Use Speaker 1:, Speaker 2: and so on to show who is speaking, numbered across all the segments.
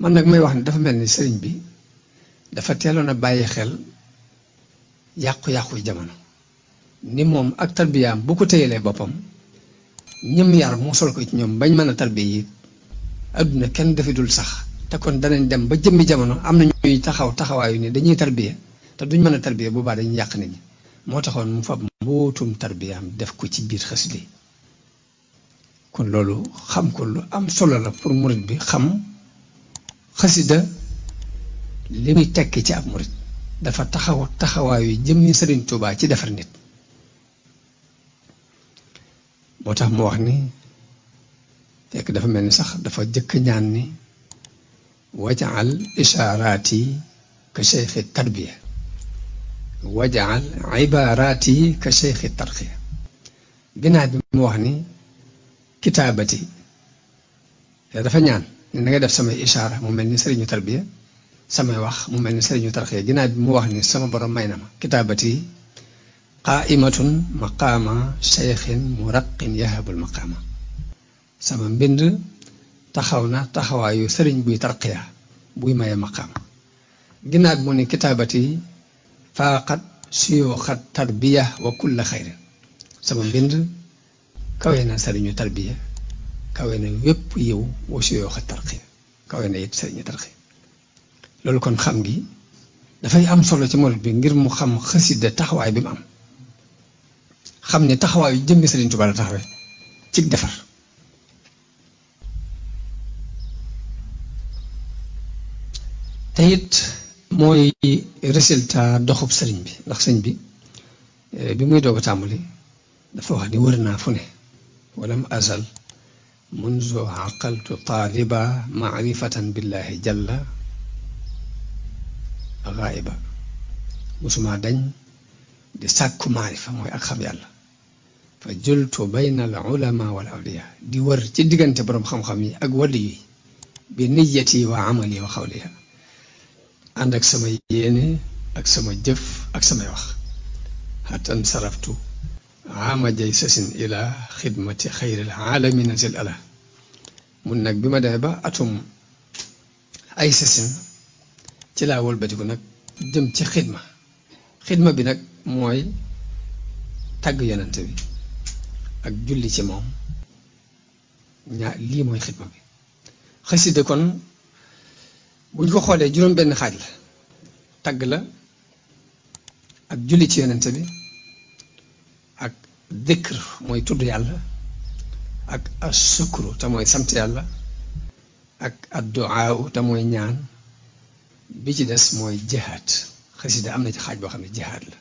Speaker 1: man nag may wax ne dafa mel ni sëriñ bi dafa teeloon a bàyyi xel yàqu-yàqu jamono ni moom ak tarbiyaam bu ko téyelee boppam ñëm yar moo sol ko ci ñoom bañ mën a tarbiya yi adduna kenn dafi dul sax te kon danañ dem ba jëmmi jamono am na ñuy taxaw taxawaayu ni dañuy tarbiya te duñ mën a tarbiya boobaa dañuy yàq nit ñi moo taxoon mu fab mbootum tarbiyaam def ko ci biir bi kon loolu xam ko lu am solo la pour murid bi xam xasida li muy tekki ci ab murit dafa taxaw taxawaayu jëmmi sëriñ Tuubaa ci defar nit moo tax mu wax ni fekk dafa mel ni sax dafa jëkk ñaan ni wajaal ishaaraati ka cheikhi tarbiya wajaal ibaaraati ka cheikhi tarxiya ginnaaw bi mu wax ni kitaabati te dafa ñaan na nga def samay ishaara mu mel ni sëriñu tarbiya samay wax mu mel ni sëriñu tarxiya ginnaaw bi mu wax ni sama borom may na ma kitaabati qaimatun maqaama cheikhin sama mbind taxaw na taxawaayu sëriñ buy tarqiya buy maye maqaama ginnaaw bi mu ni kitaabati faaqat suyuuxat tarbiya wa kulla xayrin sama mbind kawe na sëriñu tarbiya kawe na wépp yow wasu yoo xa tarxiya kawe na loolu kon xam gi dafay am solo ci murit bi ngir mu xam xasida taxawaay bi mu am xam ne taxawaay yu jëmmi Sëriñ Tuubaa la taxawee ci defar te it mooy résultat doxub sëriñ bi ndax sëñ bi eh, bi muy doog a tàmbali dafa wax ni wër naa fu ne walam azal منذ عقلت طالبا معرفة بالله جل غائبا musuma dañ di sàkku maarifa mooy ak xam yàlla fa jultu bayna al ulama wal awliya di wër ci diggante boroom xam-xam yi ak wàll yi bi niyati wa amali wa xawliya ànd ak sama yéene ak sama jëf ak samay wax hatan saraftu ama jay sasin ila xidmati xayril alamina zil ala mun nag bi ma demee ba atum ay sasin ci laa wëlbatiku nag jëm ci xidma xidma bi nag mooy tagg yonent bi ak julli ci moom ñaa lii mooy xidma bi xasida kon bu ñu ko xoolee juróom benn xaaj la tagg la ak julli ci yonent bi ak dëkkër mooy tudd yàlla ak asukru te mooy sant yàlla ak adduaawu te mooy ñaan bi ci des mooy jihaad xasida am na ci xaaj boo xam ne jihaad la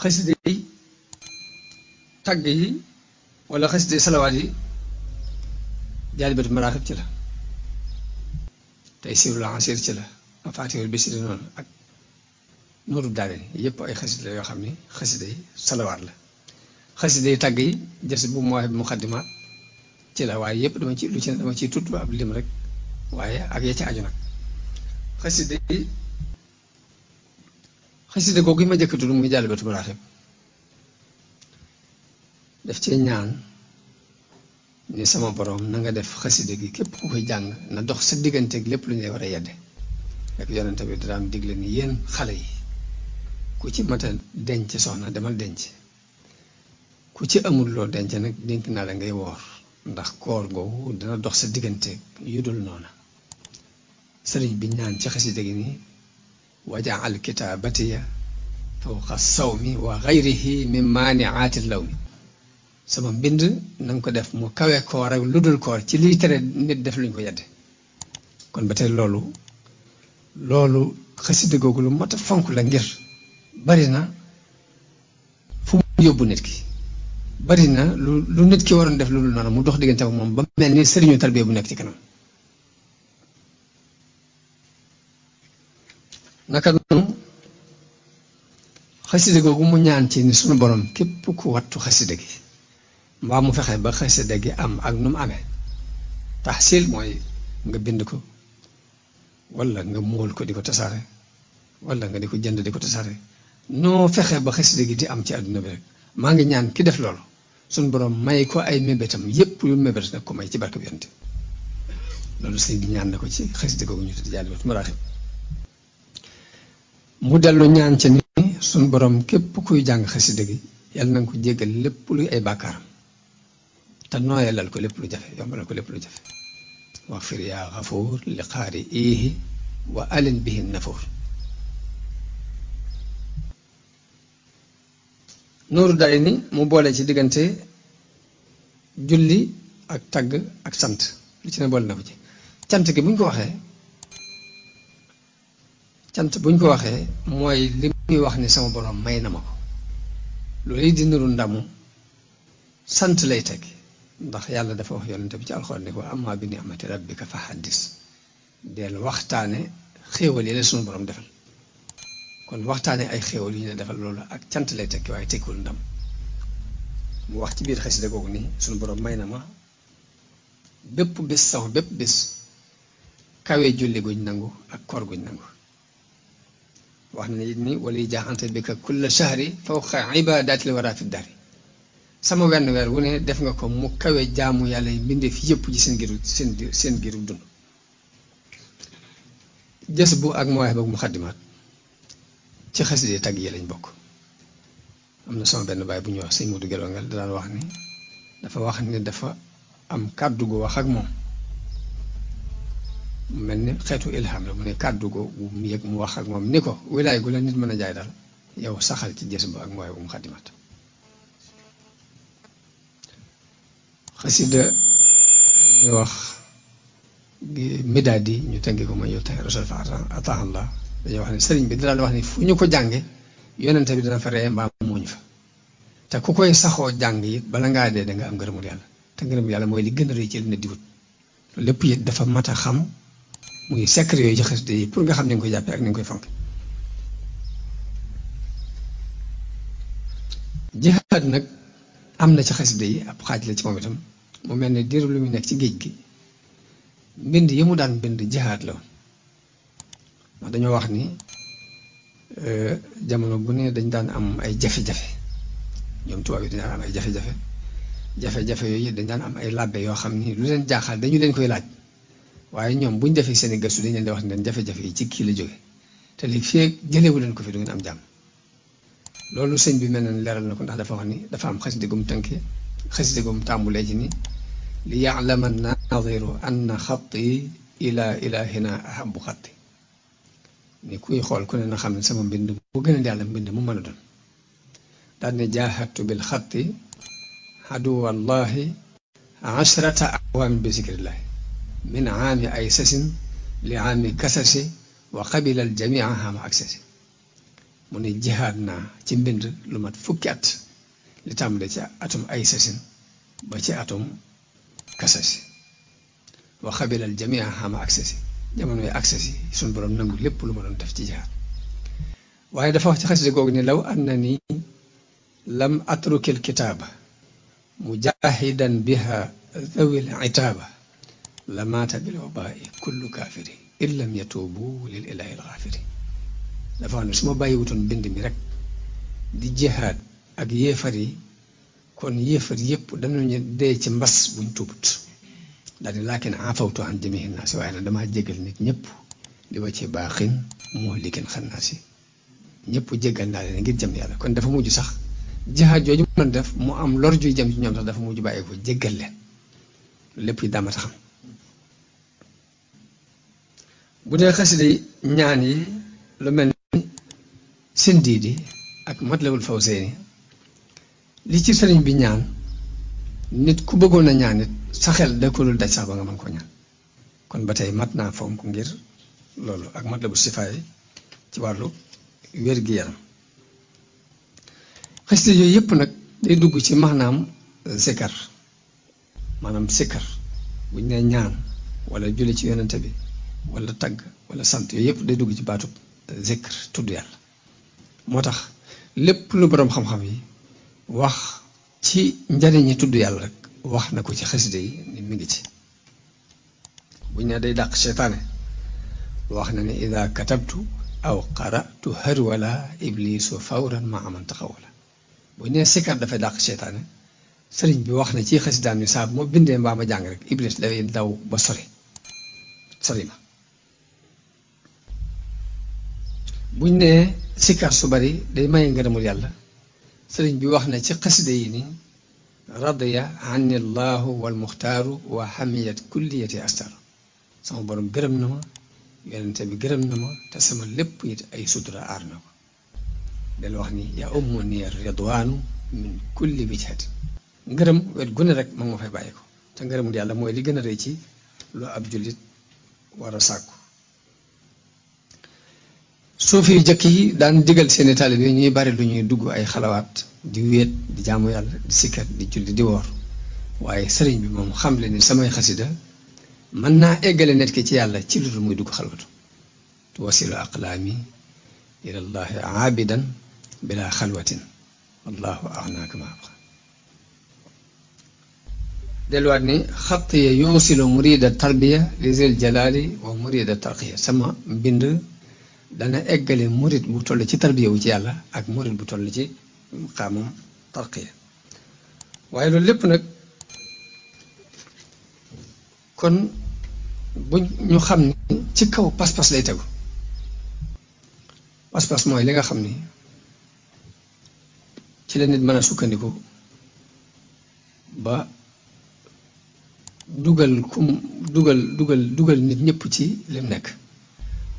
Speaker 1: xasida yi tagg yi wala xasida yi salawaat yi jaalibatu maraaxib ci la tey siirul ansir ci la afaatihul bisiri noonu ak nooru daare yëpp ay xasida la yoo xam ne xasida yi salawaat la xasida yi tàgg yi jës bu mu waxee bi muqaddimaat ci la waaye yëpp dama ci lu ci ne dama ciy tudd ab lim rek waaye ak ya ci aju nag xasida yi xasida googu ma jëkk tudd muy jàll ba tubaraatib daf cee ñaan ni sama borom na nga def xasida gi képp ku koy jàng na dox sa digganteeg lépp lu ñu war a yedde ak yonente bi daan digle ni yéen xale yi ku ci mata denc soxna demal denc ku ci amul loolu dence nag dénk naa la ngay woor ndax koor googu dana dox sa diggante yu dul noona sëriñ bi ñaan ci xasida gi ni wajaal kitaabatiya fawqa mi wa xayrihi min maaniaati law mi sama mbind na ko def mu kawe koor ak lu dul koor ci liy tere nit def luñ ko yedde kon ba tey loolu loolu xasida googu lu mot a fonk la ngir bari na fu mu yóbbu nit ki bari na lu lu nit ki waroon def lu dul noonu mu dox diggante ak moom ba mel ni sëriñu tarbiya bu nekk ci kanam naka noonu xasida googu mu ñaan ci ni sunu borom képp ku wattu xasida gi mbaa mu fexe ba xasida gi am ak nu mu amee taxsil mooy nga bind ko wala nga móol ko di ko tasaare wala nga di ko jënd di ko tasaare noo fexe ba xasida gi di am ci àdduna bi rek maa ngi ñaan ki def loolu suñu borom may ko ay mébétam yépp yu mébét nag ko may ci barke bi yonte loolu sëñ bi ñaan na ko ci xasida googu ñu tudd Jaalibatul Maraaxib mu dellu ñaan ca nit ñi borom képp kuy jàng xasida gi yàlla na nga ko jéggal lépp luy ay bàkkaaram te nooyalal ko lépp lu jafe yombalal ko lépp lu jafe waxfir yaa xafuur li xaari iihi wa alin bihi nafuur nooru day ni mu boole ci diggante julli ak tagg ak sant lu ci ne boole na ko ci cant gi buñ ko waxee cant buñ ko waxee mooy li muy wax ni sama borom may na ma ko loolu yi di nuru ndamu sant lay teg ndax yàlla dafa wax yonente bi ci alxuraan ni ko amma bi ni'mati rabbika fa haddis del waxtaane xéewal yi la sunu borom defal kon waxtaanee ay xéewal yi ñu defal loolu ak cant lay tekki waaye tekkiwul ndam mu wax ci biir xasida googu nii suñu borom may na ma bépp bés sama bépp bés kawe julli guñ nangu ak koor guñ nangu it ni wala jaaxante bi ka kulla shahri fawqa ibadatil sama wenn weer wu def nga ko mu kawe jaamu yàlla yi mbindeef yëpp ci seen giru seen seen giru dund jës bu ak mooy ba mu xaddimaat ci xaside tagg yi lañ bokk am na sama benn baay bu ñuy wax sëñ Modou Gelo Ngal daan wax ni dafa wax ni dafa am kàddu gu wax ak moom mel ni xeetu ilham la mu ne kàddu gu mu yëg mu wax ak moom ni ko wilaay gu la nit mën a jaay daal yow saxal ci jës ba ak mooy um xadimat xasida muy wax midaadi ñu tënk ko ma yow tey rasul fa la dañoo wax ne sëriñ bi dina wax ni fu ñu ko jànge yonente bi dana fa ree mbaa mooñu fa te ku koy saxoo jàng yi bala ngaa dee da nga am ngërëmul yàlla te ngërëmul yàlla mooy li gën a rëy ci na diwut loolu lépp it dafa mat a xam muy secret yooyu ci xasida yi pour nga xam ni nga koy jàppee ak ni nga koy fonk jihaad nag am na ci xasida yi ab xaaj la ci moom itam mu mel ne diiru lu muy nekk ci géej gi mbind yi mu daan bind jihaad la ndax dañoo wax ni euh, jamono bu ne dañ daan am ay jafe-jafe ñoom tubaab yi am ay jafe-jafe jafe-jafe yooyu dañ daan am ay làbbe yoo xam ni lu leen jaaxal dañu leen koy laaj waaye ñoom buñ defee seen i gëstu dañ leen di wax ne jafe-jafe yi ci kii la jóge te li fee jëlewu leen ko fi du am jàmm loolu sëñ bi mel na leeral na ko ndax dafa wax ni dafa am xasida gum tënke xasida gum tàmbulee ci ni li ya'laman naadiru anna xatti ila ilahina ahabu xatti ni kuy xool ku ne na xam ne sama mbind bu gën a yàlla mbind mu mën a doon daal ne jaahatu bi zikrillahi min aami ak sasi mu ne jihaad naa ci mbind lu mat fukki at li tàmbale ci atum ay sasin ba ci atum kasasi wa qabila al jamia am ak sasi jamono yi accès si suñu borom nangu lépp lu ma doon def ci jihaad waaye dafa wax ci xasida googu ni law anna ni lam atrukil kitaaba mujahidan biha zawil itaaba la maata bil wabaai kullu kaafiri in yatuubu lil ilahi dafa wax ne su mi rek di jihaad ak yéefar yi kon yéefar yépp danañu dee ci mbas buñ tubut daal di laakin afawtu an jamihi naasi waaye nag damaa jégal nit ñëpp li wa ci baaxin moo liggéen xam naa si ñëpp jégal naa leen ngir jëm yàlla kon dafa mujj sax jihaad jooju mu doon def mu am lor juy jëm ci ñoom sax dafa mujj bàyyi ko jégal leen lépp yi daamata xam bu dee xasida yi ñaan yi lu mel ni sindiidi ak matlabul fawseeni li ci sëriñ bi ñaan nit ku bëggoon a ñaan it sa xel da ko dul daj sax ba nga mën koo ñaan kon ba tey mat naa fonk ngir loolu ak mat la bu sifaay ci wàllu wér-gi-yaram xasida yooyu yëpp nag day dugg ci maanaam euh, sikkar maanaam sikkar buñ ne ñaan wala julli ci yonente bi wala tagg wala sant yooyu yëpp day dugg ci baatub zikr euh, tudd yàlla moo tax lépp lu boroom xam-xam yi wax ci njariñi tudd yàlla rek wax na ko ci xasida yi ni mi ngi ci buñ ne day dàq seytaane wax na ne ida katabtu aw qaratu harwala iblisu fawran ma aman taxawala buñ ne sikar dafay dàq seytaane sëriñ bi wax na ci xasidaam ni saa moo bindee mbaam ma jàng rek iblis dafay daw ba sori sori ma buñ ne sikar su bari day maye ngërëmul yàlla sëriñ bi wax na ci xasida yi nii radiya anni llahu wal wa xamiyat kulliyati astar sama borom gërëm na ma bi gërëm na ma te sama lépp ay sutura aar na wax ni yaa ummu ni ridwaanu min kulli wijhat ngërëm wet gune rek ma nga fay bàyyi ko te ngërëmul yàlla mooy li gën a rëy ci lu ab jullit war a sàkku suufi yu jëkk yi daan digal seeni taalibe ñuy bari lu ñuy dugg ay xalawaat di wéet di jaamu yàlla di sikkat di julli di woor waaye sëriñ bi moom xam le ni samay xasida mën naa eggale nit ki ci yàlla ci lu dul muy dugg xalwatu tuwasilu aqlaami ilallahi aabidan bila xalwatin wallahu agnaaka ma abqa delluwaat ni xatt ya yuusilu murida tarbiya li zil jalaali wa murida tarqiya sama mbind dana eggale murit bu toll ci tarbiya wu ci yàlla ak murit bu toll ci xaamam tarqiya waaye loolu lépp nag kon bu ñu xam ni ci kaw pas lay tegu pas mooy li nga xam ni ci la nit mën a sukkandiku ba dugal kum dugal dugal dugal nit ñëpp ci lim nekk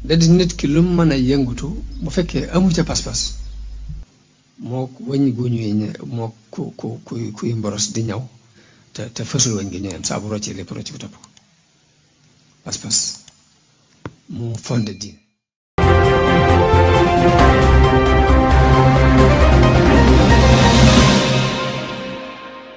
Speaker 1: da di nit ki lu mën a yëngutu bu fekkee amu ca pas-pas moo wëñ gu ñuy moo ku ku kuy mboros di ñaw te te fësul wëñ gi ñu yem saa bu roccee lépp rocc ko topp ko pas-pas mu fonde diin